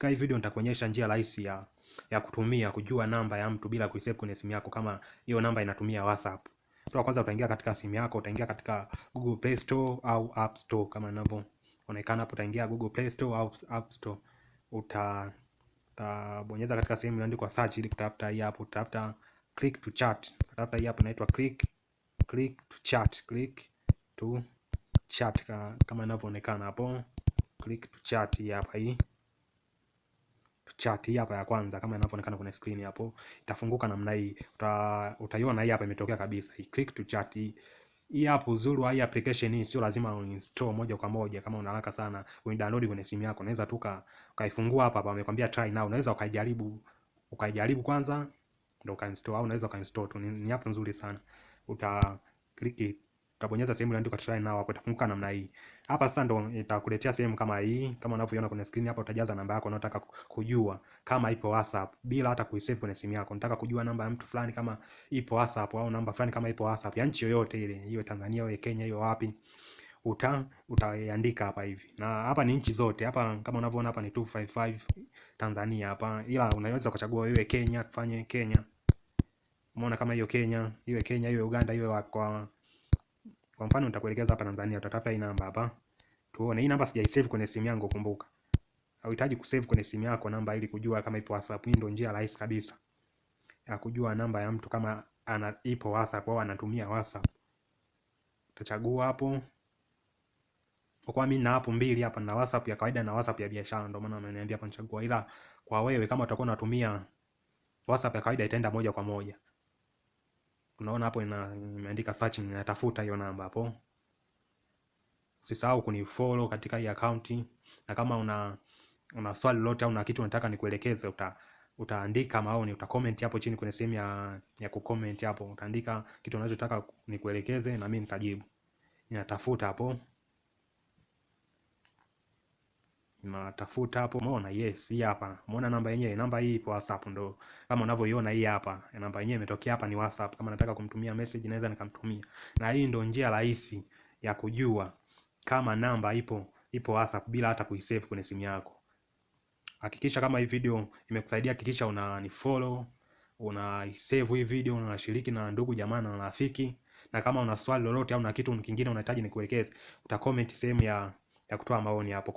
Katika hii video nitakuonyesha njia rahisi ya ya kutumia kujua namba ya mtu bila kuisave kwenye simu yako kama hiyo namba inatumia WhatsApp. Kwa kwanza utaingia katika simu yako, utaingia katika Google Play Store au App Store kama inavyoonekana hapo, utaingia Google Play Store au App Store. Uta utabonyeza katika sehemu iliyoandikwa search ili kutafuta hii hapo, utafuta click to chat. Utafuta hii hapo inaitwa click click to chat, click to chat kama inavyoonekana hapo, click to chat hii hapa hii chat hii hapa ya kwanza kama inavyoonekana kwenye screen hapo, itafunguka namna hii. Uta, utaiona hii hapa imetokea kabisa. hii click to chat hii. Hii app uzuri wa hii application hii sio lazima uinstall moja kwa moja kama una haraka sana, uidownload kwenye simu yako. Unaweza tu ukaifungua hapa hapa, amekwambia try now. Unaweza ukajaribu ukajaribu kwanza ndio ukainstall, au unaweza ukainstall tu. Ni, ni app nzuri sana. Uta click utabonyeza sehemu iliyoandikwa try now, hapo itafunguka namna hii. Hapa sasa ndo itakuletea sehemu kama hii, kama unavyoiona kwenye screen hapa. Utajaza namba yako unayotaka kujua kama ipo WhatsApp, bila hata kuisave kwenye simu yako. Unataka kujua namba ya mtu fulani kama ipo WhatsApp, au namba fulani kama ipo WhatsApp ya nchi yoyote ile, hiyo Tanzania, hiyo Kenya, hiyo wapi uta utaandika hapa hivi, na hapa ni nchi zote. Hapa kama unavyoona hapa ni 255 Tanzania hapa, ila unaweza kuchagua iwe Kenya, tufanye Kenya. Umeona kama hiyo Kenya, iwe Kenya, iwe Uganda, iwe wapi kwa kwa mfano nitakuelekeza hapa Tanzania, utatafuta hii namba hapa. Tuone hii namba sijaisave kwenye simu yangu, kumbuka. Hauhitaji kusave kwenye simu yako namba ili kujua kama ipo WhatsApp. Hii ndio njia rahisi kabisa ya kujua namba ya mtu kama ana ipo WhatsApp au anatumia WhatsApp. Utachagua hapo. Kwa mimi na hapo mbili hapa na WhatsApp ya kawaida na WhatsApp ya biashara, ndio maana ameniambia hapa nichagua, ila kwa wewe kama utakuwa unatumia WhatsApp ya kawaida itaenda moja kwa moja unaona hapo imeandika search, inatafuta hiyo namba hapo. Usisahau kunifollow katika hii account, na kama una una swali lolote au una kitu unataka nikuelekeze, uta utaandika maoni, utacomment hapo chini kwenye sehemu ya ya kucomment hapo, utaandika kitu unachotaka nikuelekeze, na mimi nitajibu. Inatafuta hapo. natafuta hapo, umeona? Yes, hii hapa, umeona namba yenyewe, namba hii ipo WhatsApp, ndo kama unavyoiona hii hapa, namba yenyewe imetokea hapa, ni WhatsApp. Kama nataka kumtumia message, naweza nikamtumia, na hii ndo njia rahisi ya kujua kama namba ipo ipo WhatsApp bila hata kuisave kwenye simu yako. Hakikisha kama hii video imekusaidia, hakikisha una save hii video, una shiriki na ndugu jamaa na rafiki, na kama una swali lolote au na kitu kingine unahitaji nikuelekeze, utacomment sehemu ya ya kutoa maoni hapo.